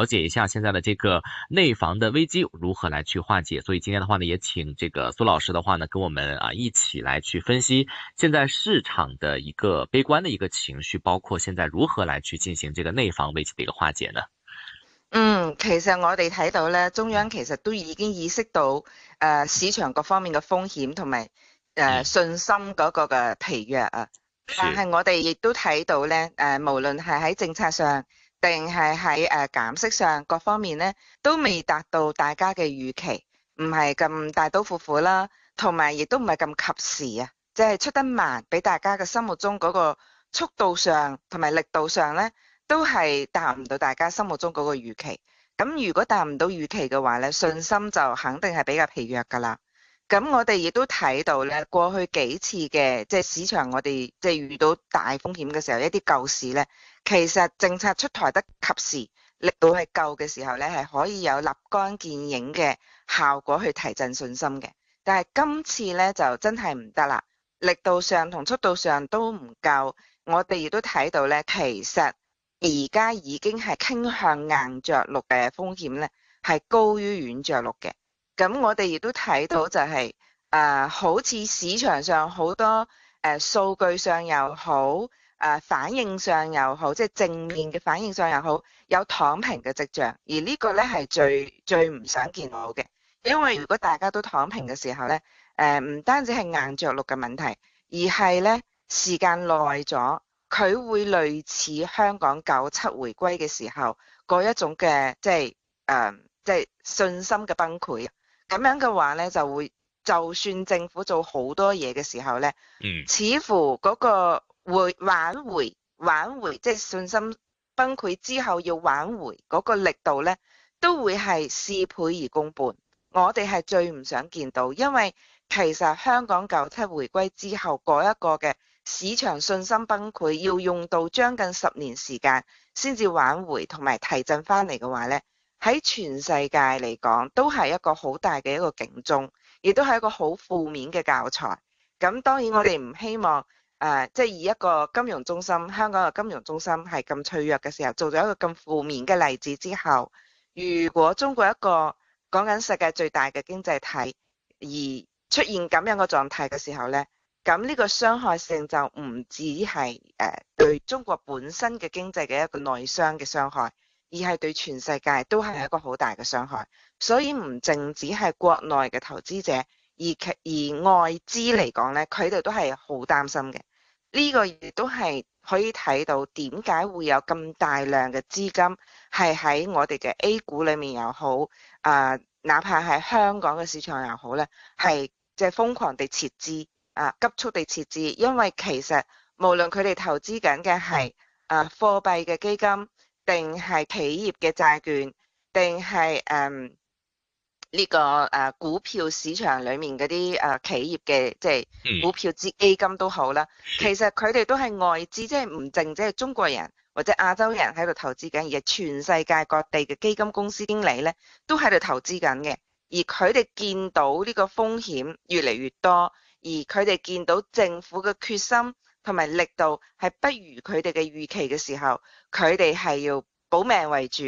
了解一下現在的這個內房的危機如何來去化解，所以今天的話呢，也請這個蘇老師的話呢，跟我們啊一起來去分析現在市場的一個悲觀的一個情緒，包括現在如何來去進行這個內房危機的一個化解呢？嗯，其實我哋睇到咧，中央其實都已經意識到誒、呃、市場各方面嘅風險同埋誒信心嗰個嘅疲弱啊，但係我哋亦都睇到咧，誒、呃、無論係喺政策上。定係喺誒減息上各方面呢，都未達到大家嘅預期，唔係咁大刀闊斧啦，同埋亦都唔係咁及時啊，即係出得慢，俾大家嘅心目中嗰個速度上同埋力度上呢，都係達唔到大家心目中嗰個預期。咁如果達唔到預期嘅話呢，信心就肯定係比較疲弱噶啦。咁我哋亦都睇到呢，過去幾次嘅即係市場我，我哋即係遇到大風險嘅時候，一啲舊事呢。其實政策出台得及時，力度係夠嘅時候咧，係可以有立竿見影嘅效果去提振信心嘅。但係今次咧就真係唔得啦，力度上同速度上都唔夠。我哋亦都睇到咧，其實而家已經係傾向硬着陸嘅風險咧，係高於軟着陸嘅。咁我哋亦都睇到就係、是，誒、呃，好似市場上好多誒、呃、數據上又好。誒，反應上又好，即係正面嘅反應上又好，有躺平嘅跡象。而呢個呢係最最唔想見到嘅，因為如果大家都躺平嘅時候呢，誒，唔單止係硬着陸嘅問題，而係呢時間耐咗，佢會類似香港九七回歸嘅時候嗰一種嘅，即係誒，即係信心嘅崩潰。咁樣嘅話呢，就會就算政府做好多嘢嘅時候呢，似乎嗰個。會挽回挽回，即係信心崩潰之後要挽回嗰個力度咧，都會係事倍而功半。我哋係最唔想見到，因為其實香港九七回歸之後嗰一個嘅市場信心崩潰，要用到將近十年時間先至挽回同埋提振翻嚟嘅話咧，喺全世界嚟講都係一個好大嘅一個警鐘，亦都係一個好負面嘅教材。咁當然我哋唔希望。誒、啊，即係以一個金融中心，香港嘅金融中心係咁脆弱嘅時候，做咗一個咁負面嘅例子之後，如果中國一個講緊世界最大嘅經濟體而出現咁樣嘅狀態嘅時候呢，咁呢個傷害性就唔止係誒對中國本身嘅經濟嘅一個內傷嘅傷害，而係對全世界都係一個好大嘅傷害。所以唔淨止係國內嘅投資者，而其而外資嚟講呢，佢哋都係好擔心嘅。呢個亦都係可以睇到點解會有咁大量嘅資金係喺我哋嘅 A 股裏面又好，啊，哪怕係香港嘅市場又好呢，係即係瘋狂地撤資，啊，急速地撤資。因為其實無論佢哋投資緊嘅係啊貨幣嘅基金，定係企業嘅債券，定係誒，嗯呢、這個誒、啊、股票市場裏面嗰啲誒企業嘅即係股票之基金都好啦，嗯，其實佢哋都係外資，即係唔淨止係中國人或者亞洲人喺度投資緊，而係全世界各地嘅基金公司經理咧都喺度投資緊嘅。而佢哋見到呢個風險越嚟越多，而佢哋見到政府嘅決心同埋力度係不如佢哋嘅預期嘅時候，佢哋係要保命為主，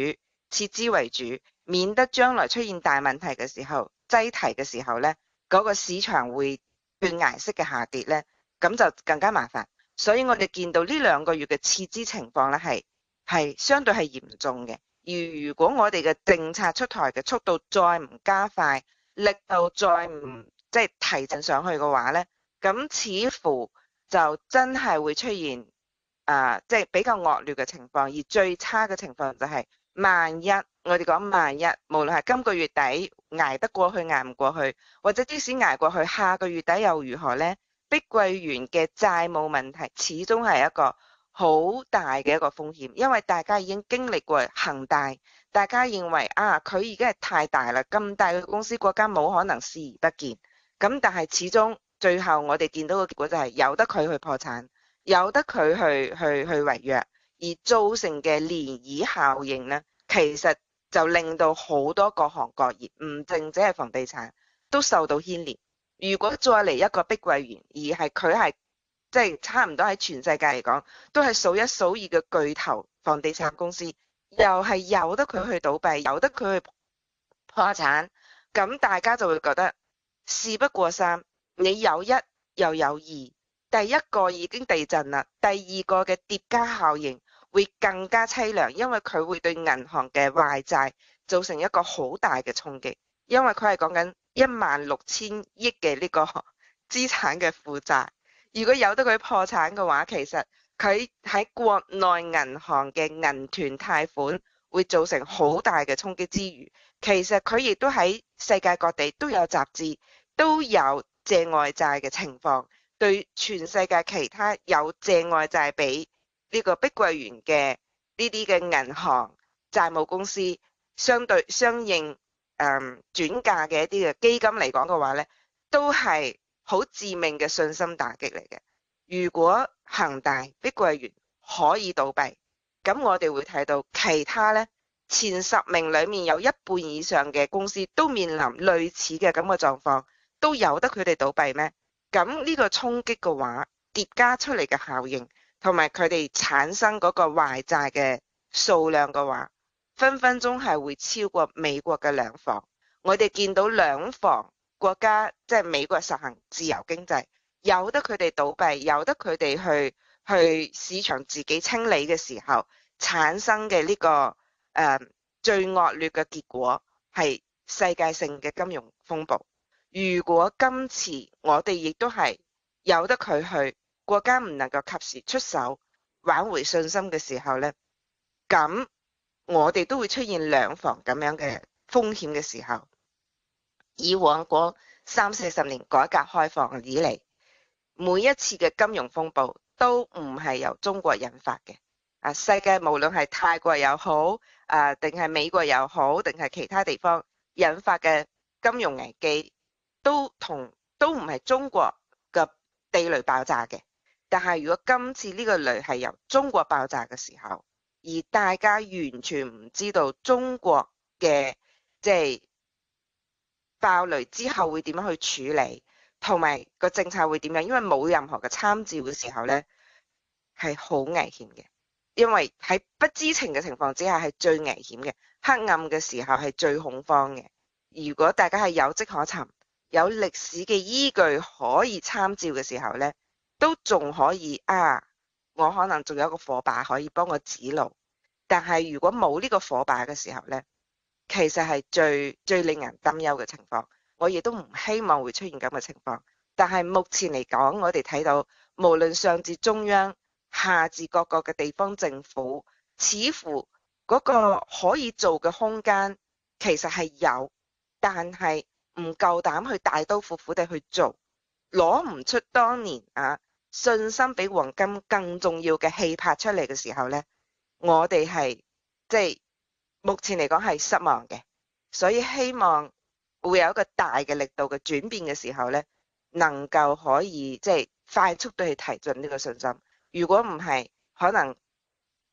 撤資為主。免得將來出現大問題嘅時候，擠提嘅時候呢，嗰、那個市場會斷崖式嘅下跌呢，咁就更加麻煩。所以我哋見到呢兩個月嘅撤資情況呢，係係相對係嚴重嘅。而如果我哋嘅政策出台嘅速度再唔加快，力度再唔即係提振上去嘅話呢，咁似乎就真係會出現啊，即、呃、係、就是、比較惡劣嘅情況。而最差嘅情況就係萬一。我哋講萬一，無論係今個月底挨得過去，挨唔過去，或者即使挨過去，下個月底又如何呢？碧桂園嘅債務問題始終係一個好大嘅一個風險，因為大家已經經歷過恒大，大家認為啊，佢已經係太大啦，咁大嘅公司，國家冇可能視而不見。咁但係始終最後我哋見到嘅結果就係、是、由得佢去破產，由得佢去去去違約，而造成嘅漣漪效應呢，其實。就令到好多各行各業唔淨止係房地產都受到牽連。如果再嚟一個碧桂園，而係佢係即係差唔多喺全世界嚟講都係數一數二嘅巨頭房地產公司，又係由得佢去倒閉，由得佢去破產，咁大家就會覺得事不過三。你有一又有，有二，第一個已經地震啦，第二個嘅疊加效應。會更加淒涼，因為佢會對銀行嘅壞債造成一個好大嘅衝擊。因為佢係講緊一萬六千億嘅呢個資產嘅負債，如果由得佢破產嘅話，其實佢喺國內銀行嘅銀團貸款會造成好大嘅衝擊之餘，其實佢亦都喺世界各地都有集資、都有借外債嘅情況，對全世界其他有借外債俾。呢、這個碧桂園嘅呢啲嘅銀行、債務公司相對相應誒轉嫁嘅一啲嘅基金嚟講嘅話呢，都係好致命嘅信心打擊嚟嘅。如果恒大、碧桂園可以倒閉，咁我哋會睇到其他呢前十名裏面有一半以上嘅公司都面臨類似嘅咁嘅狀況，都有得佢哋倒閉咩？咁呢個衝擊嘅話，疊加出嚟嘅效應。同埋佢哋產生嗰個壞債嘅數量嘅話，分分鐘係會超過美國嘅兩房。我哋見到兩房國家即係、就是、美國實行自由經濟，由得佢哋倒閉，由得佢哋去去市場自己清理嘅時候產生嘅呢、這個誒、嗯、最惡劣嘅結果係世界性嘅金融風暴。如果今次我哋亦都係由得佢去。國家唔能夠及時出手挽回信心嘅時候呢，咁我哋都會出現兩房咁樣嘅風險嘅時候。以往嗰三四十年改革開放以嚟，每一次嘅金融風暴都唔係由中國引發嘅。啊，世界無論係泰國又好，啊定係美國又好，定係其他地方引發嘅金融危機，都同都唔係中國嘅地雷爆炸嘅。但係，如果今次呢個雷係由中國爆炸嘅時候，而大家完全唔知道中國嘅，即係爆雷之後會點樣去處理，同埋個政策會點樣，因為冇任何嘅參照嘅時候呢係好危險嘅。因為喺不知情嘅情況之下，係最危險嘅。黑暗嘅時候係最恐慌嘅。如果大家係有跡可尋，有歷史嘅依據可以參照嘅時候呢。都仲可以啊！我可能仲有個火把可以幫我指路，但係如果冇呢個火把嘅時候咧，其實係最最令人擔憂嘅情況，我亦都唔希望會出現咁嘅情況，但係目前嚟講，我哋睇到無論上至中央，下至各個嘅地方政府，似乎嗰個可以做嘅空間其實係有，但係唔夠膽去大刀闊斧地去做，攞唔出當年啊！信心比黃金更重要嘅氣魄出嚟嘅時候呢，我哋係即係目前嚟講係失望嘅，所以希望會有一個大嘅力度嘅轉變嘅時候呢，能夠可以即係、就是、快速地去提振呢個信心。如果唔係，可能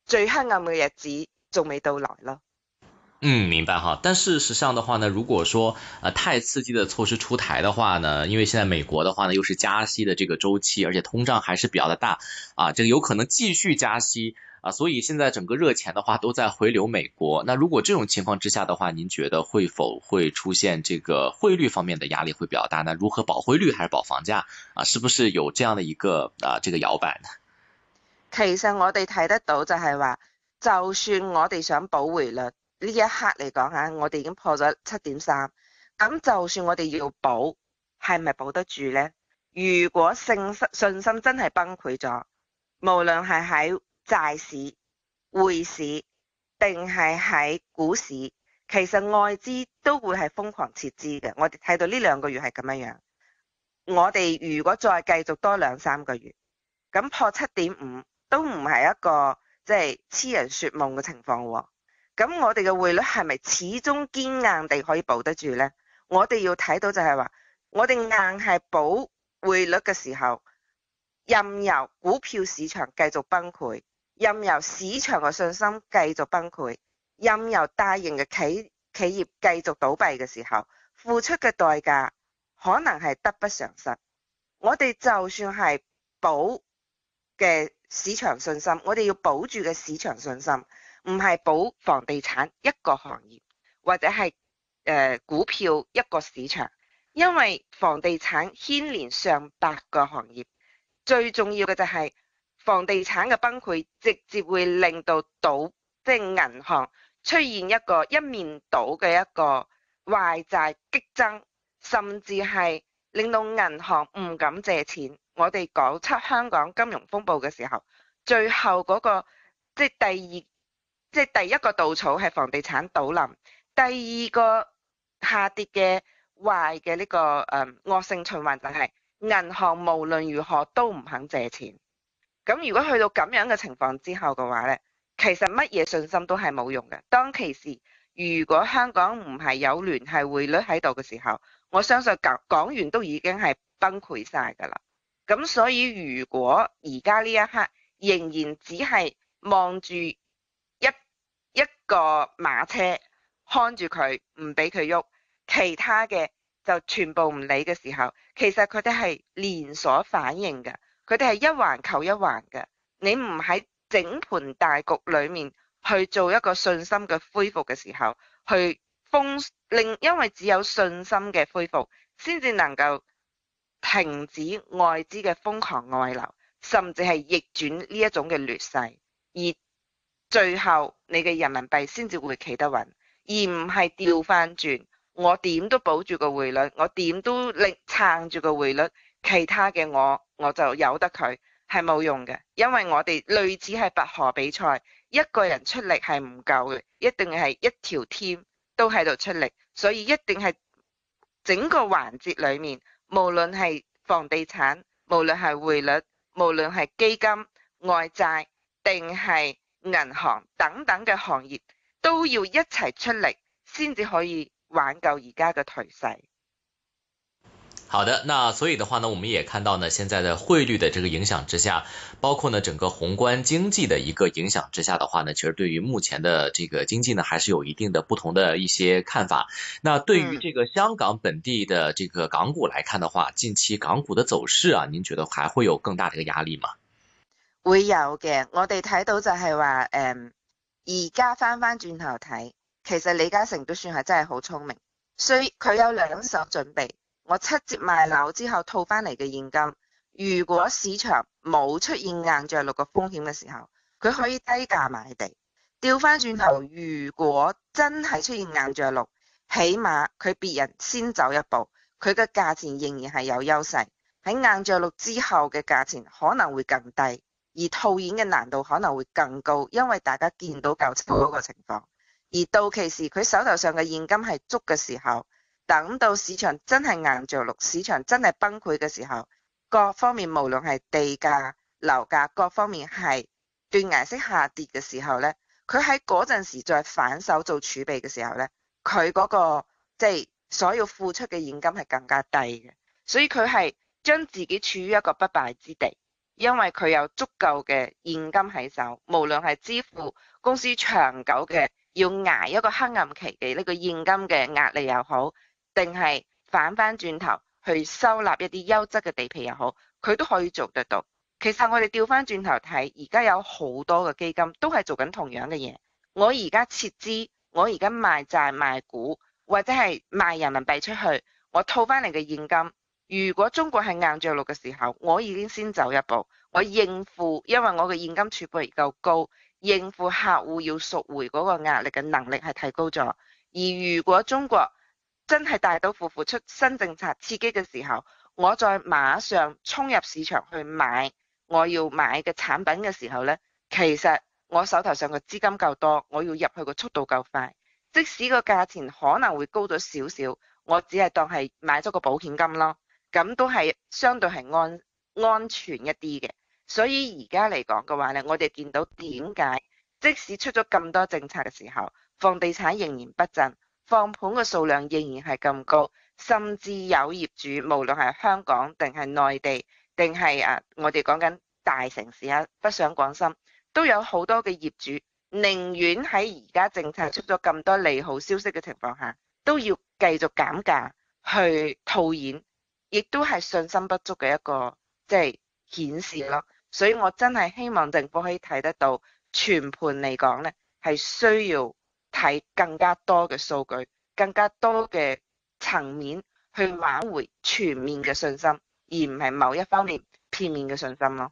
最黑暗嘅日子仲未到來咯。嗯，明白哈。但事實上的話呢，如果說呃太刺激的措施出台的話呢，因為現在美國的話呢又是加息的這個周期，而且通脹還是比較的大啊，這個有可能繼續加息啊，所以現在整個熱錢的話都在回流美國。那如果這種情況之下的話，您覺得會否會出現這個匯率方面的壓力會比較大呢？如何保匯率還是保房價啊？是不是有這樣的一個啊這個搖擺呢？其實我哋睇得到，就係話，就算我哋想保匯率。呢一刻嚟講吓，我哋已經破咗七點三，咁就算我哋要保，係咪保得住呢？如果信心信心真係崩潰咗，無論係喺債市、匯市定係喺股市，其實外資都會係瘋狂撤資嘅。我哋睇到呢兩個月係咁樣樣，我哋如果再繼續多兩三個月，咁破七點五都唔係一個即係癡人說夢嘅情況喎。咁我哋嘅匯率係咪始終堅硬地可以保得住呢？我哋要睇到就係話，我哋硬係保匯率嘅時候，任由股票市場繼續崩潰，任由市場嘅信心繼續崩潰，任由大型嘅企企業繼續倒閉嘅時候，付出嘅代價可能係得不償失。我哋就算係保嘅市場信心，我哋要保住嘅市場信心。唔係保房地產一個行業或者係誒、呃、股票一個市場，因為房地產牽連上百個行業，最重要嘅就係房地產嘅崩潰，直接會令到倒即係銀行出現一個一面倒嘅一個壞債激增，甚至係令到銀行唔敢借錢。我哋講出香港金融風暴嘅時候，最後嗰、那個即係、就是、第二。即係第一個稻草係房地產倒冧，第二個下跌嘅壞嘅呢個誒惡性循環就係銀行無論如何都唔肯借錢。咁如果去到咁樣嘅情況之後嘅話呢，其實乜嘢信心都係冇用嘅。當其時，如果香港唔係有聯繫匯率喺度嘅時候，我相信港港元都已經係崩潰晒噶啦。咁所以如果而家呢一刻仍然只係望住。一個馬車看住佢唔俾佢喐，其他嘅就全部唔理嘅時候，其實佢哋係連鎖反應嘅，佢哋係一環扣一環嘅。你唔喺整盤大局裏面去做一個信心嘅恢復嘅時候，去封令，因為只有信心嘅恢復，先至能夠停止外資嘅瘋狂外流，甚至係逆轉呢一種嘅劣勢，而最後。你嘅人民幣先至會企得穩，而唔係掉翻轉。我點都保住個匯率，我點都力撐住個匯率，其他嘅我我就由得佢，係冇用嘅。因為我哋類似係拔河比賽，一個人出力係唔夠嘅，一定係一條 team 都喺度出力，所以一定係整個環節裏面，無論係房地產，無論係匯率，無論係基金、外債定係。銀行等等嘅行業都要一齊出力，先至可以挽救而家嘅頹勢。好的，那所以的話呢，我們也看到呢，現在的匯率的這個影響之下，包括呢整個宏觀經濟的一個影響之下的話呢，其實對於目前的這個經濟呢，還是有一定的不同的一些看法。那對於這個香港本地的這個港股來看的話，嗯、近期港股的走勢啊，您覺得還會有更大嘅一個壓力嗎？會有嘅，我哋睇到就係話，誒、嗯，而家翻翻轉頭睇，其實李嘉誠都算係真係好聰明，所以佢有兩手準備。我七折賣樓之後套翻嚟嘅現金，如果市場冇出現硬着陸嘅風險嘅時候，佢可以低價買地。調翻轉頭，如果真係出現硬着陸，起碼佢別人先走一步，佢嘅價錢仍然係有優勢。喺硬着陸之後嘅價錢可能會更低。而套現嘅難度可能會更高，因為大家見到舊廠嗰個情況。而到期時佢手頭上嘅現金係足嘅時候，等到市場真係硬着陸，市場真係崩潰嘅時候，各方面無論係地價、樓價，各方面係斷崖式下跌嘅時候咧，佢喺嗰陣時再反手做儲備嘅時候咧，佢嗰個即係所要付出嘅現金係更加低嘅，所以佢係將自己處於一個不敗之地。因為佢有足夠嘅現金喺手，無論係支付公司長久嘅要挨一個黑暗期嘅呢個現金嘅壓力又好，定係反翻轉頭去收納一啲優質嘅地皮又好，佢都可以做得到。其實我哋調翻轉頭睇，而家有好多嘅基金都係做緊同樣嘅嘢。我而家撤資，我而家賣債賣股，或者係賣人民幣出去，我套翻嚟嘅現金。如果中國係硬着陸嘅時候，我已經先走一步，我應付，因為我嘅現金儲備夠高，應付客戶要贖回嗰個壓力嘅能力係提高咗。而如果中國真係大刀闊斧出新政策刺激嘅時候，我再馬上衝入市場去買，我要買嘅產品嘅時候呢，其實我手頭上嘅資金夠多，我要入去嘅速度夠快，即使個價錢可能會高咗少少，我只係當係買咗個保險金咯。咁都係相對係安安全一啲嘅，所以而家嚟講嘅話呢，我哋見到點解即使出咗咁多政策嘅時候，房地產仍然不振，放盤嘅數量仍然係咁高，甚至有業主無論係香港定係內地定係啊，我哋講緊大城市啊，北上廣深，都有好多嘅業主寧願喺而家政策出咗咁多利好消息嘅情況下，都要繼續減價去套現。亦都係信心不足嘅一個即係、就是、顯示咯，所以我真係希望政府可以睇得到全盤嚟講呢，係需要睇更加多嘅數據、更加多嘅層面去挽回全面嘅信心，而唔係某一方面片面嘅信心咯。